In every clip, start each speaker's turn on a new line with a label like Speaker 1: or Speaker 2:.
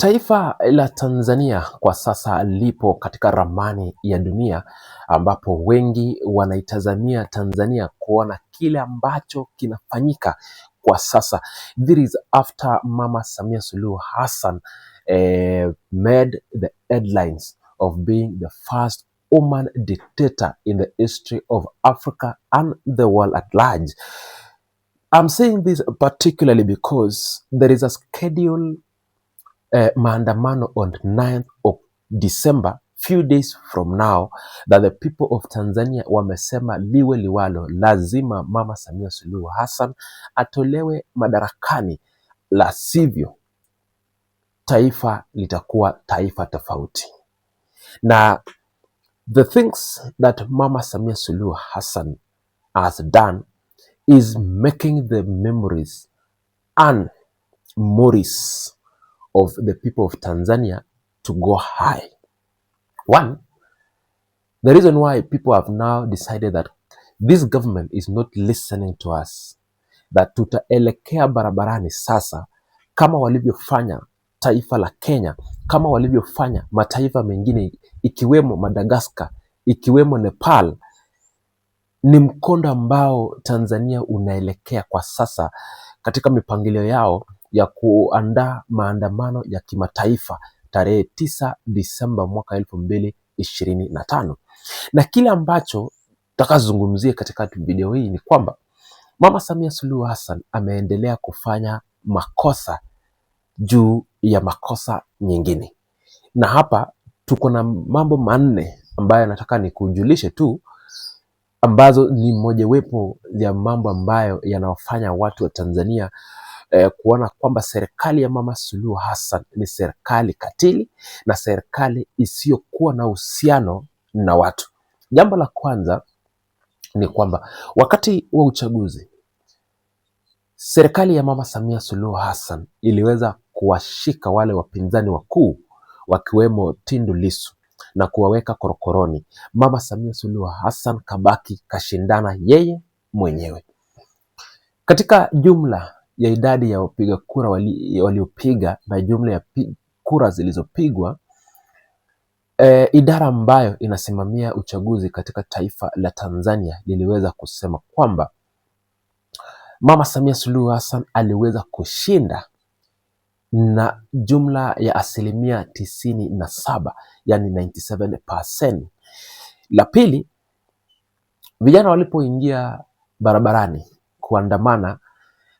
Speaker 1: Taifa la Tanzania kwa sasa lipo katika ramani ya dunia ambapo wengi wanaitazamia Tanzania kuona kile ambacho kinafanyika kwa sasa. This is after Mama Samia Suluhu Hassan eh, made the headlines of being the first woman dictator in the history of Africa and the world at large. I'm saying this particularly because there is a schedule uh, maandamano on 9th of December, few days from now, that the people of Tanzania wamesema liwe liwalo, lazima Mama Samia Suluhu Hassan atolewe madarakani, la sivyo taifa litakuwa taifa tofauti. Na the things that Mama Samia Suluhu Hassan has done is making the memories and moris of the people of Tanzania to go high. One, the reason why people have now decided that this government is not listening to us, that tutaelekea barabarani sasa kama walivyofanya taifa la Kenya, kama walivyofanya mataifa mengine ikiwemo Madagascar, ikiwemo Nepal. Ni mkondo ambao Tanzania unaelekea kwa sasa katika mipangilio yao ya kuandaa maandamano ya kimataifa tarehe tisa Disemba mwaka elfu mbili ishirini na tano na kile ambacho takazungumzia katika video hii ni kwamba Mama Samia Suluhu Hassan ameendelea kufanya makosa juu ya makosa nyingine, na hapa tuko na mambo manne ambayo nataka nikujulishe tu, ambazo ni mojawapo ya mambo ambayo yanawafanya watu wa Tanzania eh, kuona kwamba serikali ya Mama Suluhu Hassan ni serikali katili na serikali isiyokuwa na uhusiano na watu. Jambo la kwanza ni kwamba wakati wa uchaguzi serikali ya Mama Samia Suluhu Hassan iliweza kuwashika wale wapinzani wakuu wakiwemo Tundu Lissu na kuwaweka korokoroni. Mama Samia Suluhu Hassan kabaki kashindana yeye mwenyewe. Katika jumla ya idadi ya wapiga kura waliopiga wali na jumla ya kura zilizopigwa e, idara ambayo inasimamia uchaguzi katika taifa la Tanzania liliweza kusema kwamba Mama Samia Suluhu Hassan aliweza kushinda na jumla ya asilimia tisini na saba yani 97%. La pili, vijana walipoingia barabarani kuandamana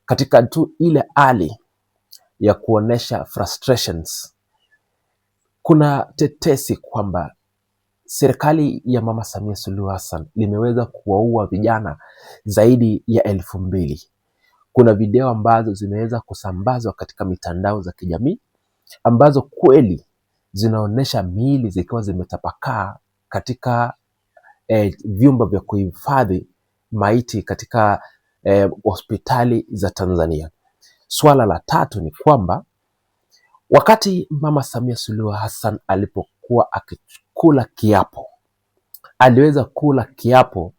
Speaker 1: katika tu ile hali ya kuonesha frustrations. Kuna tetesi kwamba serikali ya Mama Samia Suluhu Hassan limeweza kuwaua vijana zaidi ya elfu mbili. Kuna video ambazo zimeweza kusambazwa katika mitandao za kijamii ambazo kweli zinaonyesha miili zikiwa zimetapakaa katika eh, vyumba vya kuhifadhi maiti katika eh, hospitali za Tanzania. Swala la tatu ni kwamba wakati Mama Samia Suluhu Hassan alipokuwa akikula kiapo, aliweza kula kiapo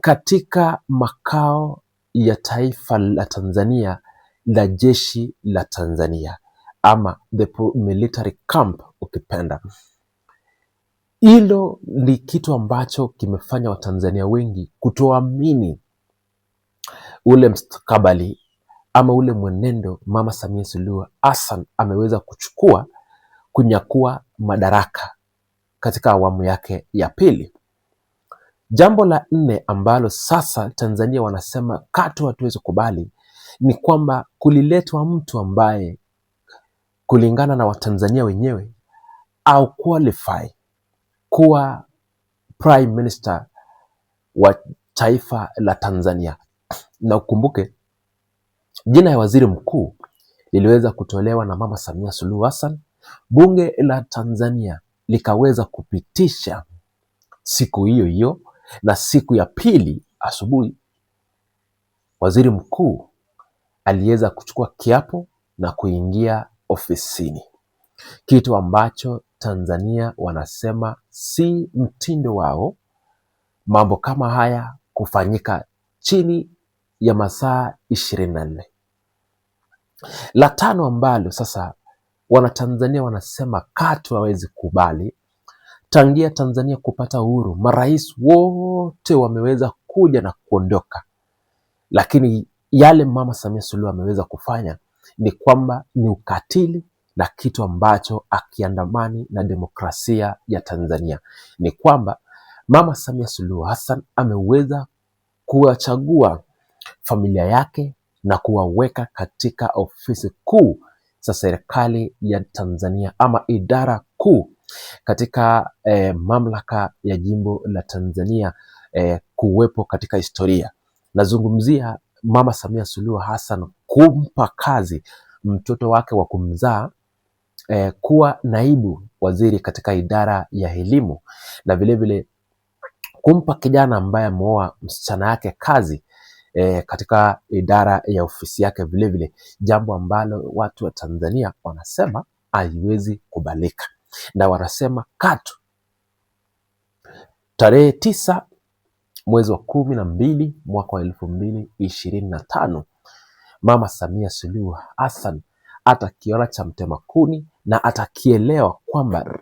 Speaker 1: katika makao ya taifa la Tanzania la jeshi la Tanzania ama the military camp ukipenda. Hilo ni kitu ambacho kimefanya Watanzania wengi kutoamini ule mstakabali ama ule mwenendo Mama Samia Suluhu Hassan ameweza kuchukua kunyakua madaraka katika awamu yake ya pili. Jambo la nne ambalo sasa Tanzania wanasema katu hatuwezi kubali ni kwamba kuliletwa mtu ambaye kulingana na Watanzania wenyewe au qualify kuwa prime minister wa taifa la Tanzania. Na ukumbuke jina ya waziri mkuu liliweza kutolewa na Mama Samia Suluhu Hassan, bunge la Tanzania likaweza kupitisha siku hiyo hiyo, na siku ya pili asubuhi waziri mkuu aliweza kuchukua kiapo na kuingia ofisini, kitu ambacho Tanzania wanasema si mtindo wao mambo kama haya kufanyika chini ya masaa ishirini na nne. La tano ambalo sasa Wanatanzania wanasema katu hawezi kubali, tangia Tanzania kupata uhuru marais wote wameweza kuja na kuondoka, lakini yale Mama Samia Suluhu ameweza kufanya ni kwamba ni ukatili na kitu ambacho akiandamani na demokrasia ya Tanzania. Ni kwamba Mama Samia Suluhu Hassan ameweza kuwachagua familia yake na kuwaweka katika ofisi kuu za serikali ya Tanzania ama idara kuu katika eh, mamlaka ya jimbo la Tanzania eh, kuwepo katika historia. Nazungumzia Mama Samia Suluhu Hassan kumpa kazi mtoto wake wa kumzaa eh, kuwa naibu waziri katika idara ya elimu na vilevile kumpa kijana ambaye ameoa msichana yake kazi e, katika idara ya ofisi yake vilevile, jambo ambalo watu wa Tanzania wanasema haiwezi kubalika, na wanasema katu. Tarehe tisa mwezi wa kumi na mbili mwaka wa elfu mbili ishirini na tano Mama Samia Suluhu Hassan atakiona cha mtemakuni na atakielewa kwamba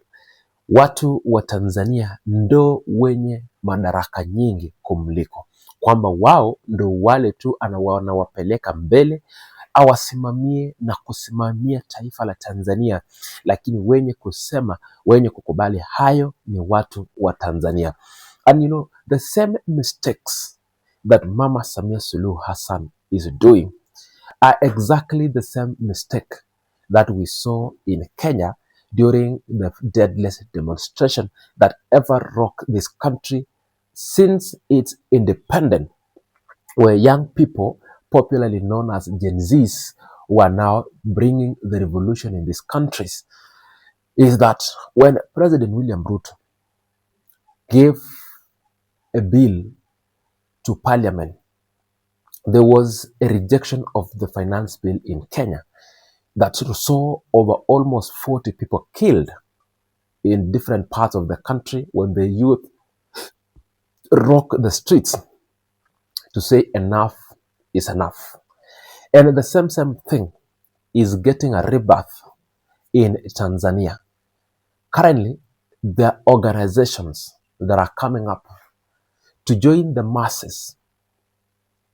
Speaker 1: watu wa Tanzania ndo wenye madaraka nyingi kumliko kwamba wao ndo wale tu anawapeleka mbele, awasimamie na kusimamia taifa la Tanzania, lakini wenye kusema wenye kukubali hayo ni watu wa Tanzania. And you know the same mistakes that Mama Samia Suluhu Hassan is doing are exactly the same mistake that we saw in Kenya during the deadliest demonstration that ever rocked this country since its independent where young people, popularly known as Gen Zs, who are now bringing the revolution in these countries, is that when President William Ruto gave a bill to parliament, there was a rejection of the finance bill in Kenya that saw over almost 40 people killed in different parts of the country when the youth rock the streets to say enough is enough. And the same same thing is getting a rebirth in Tanzania. Currently, there are organizations that are coming up to join the masses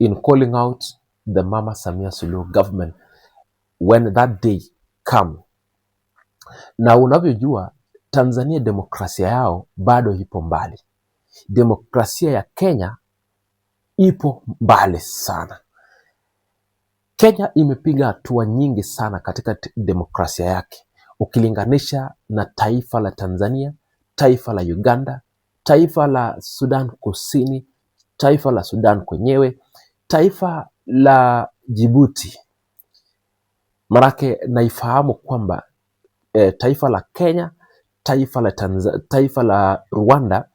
Speaker 1: in calling out the Mama Samia Suluhu government when that day come. Na unavyojua Tanzania demokrasia yao bado ipo mbali demokrasia ya Kenya ipo mbali sana. Kenya imepiga hatua nyingi sana katika demokrasia yake ukilinganisha na taifa la Tanzania, taifa la Uganda, taifa la Sudan Kusini, taifa la Sudan kwenyewe, taifa la Jibuti. Manake naifahamu kwamba e, taifa la Kenya, taifa la Tanzania, taifa la Rwanda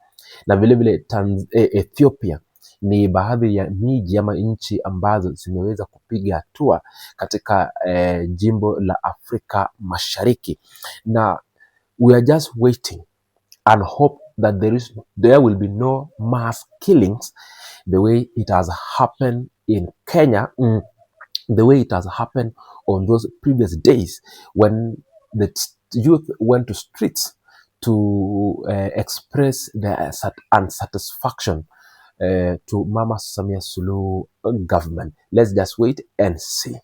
Speaker 1: na vilevile vile e, Ethiopia ni baadhi ya miji ama nchi ambazo zimeweza kupiga hatua katika e, jimbo la Afrika Mashariki, na we are just waiting and hope that there is there will be no mass killings the way it has happened in Kenya mm, the way it has happened on those previous days when the youth went to streets to uh, express their unsatisfaction uh, to Mama Samia Suluhu government. Let's just wait and see.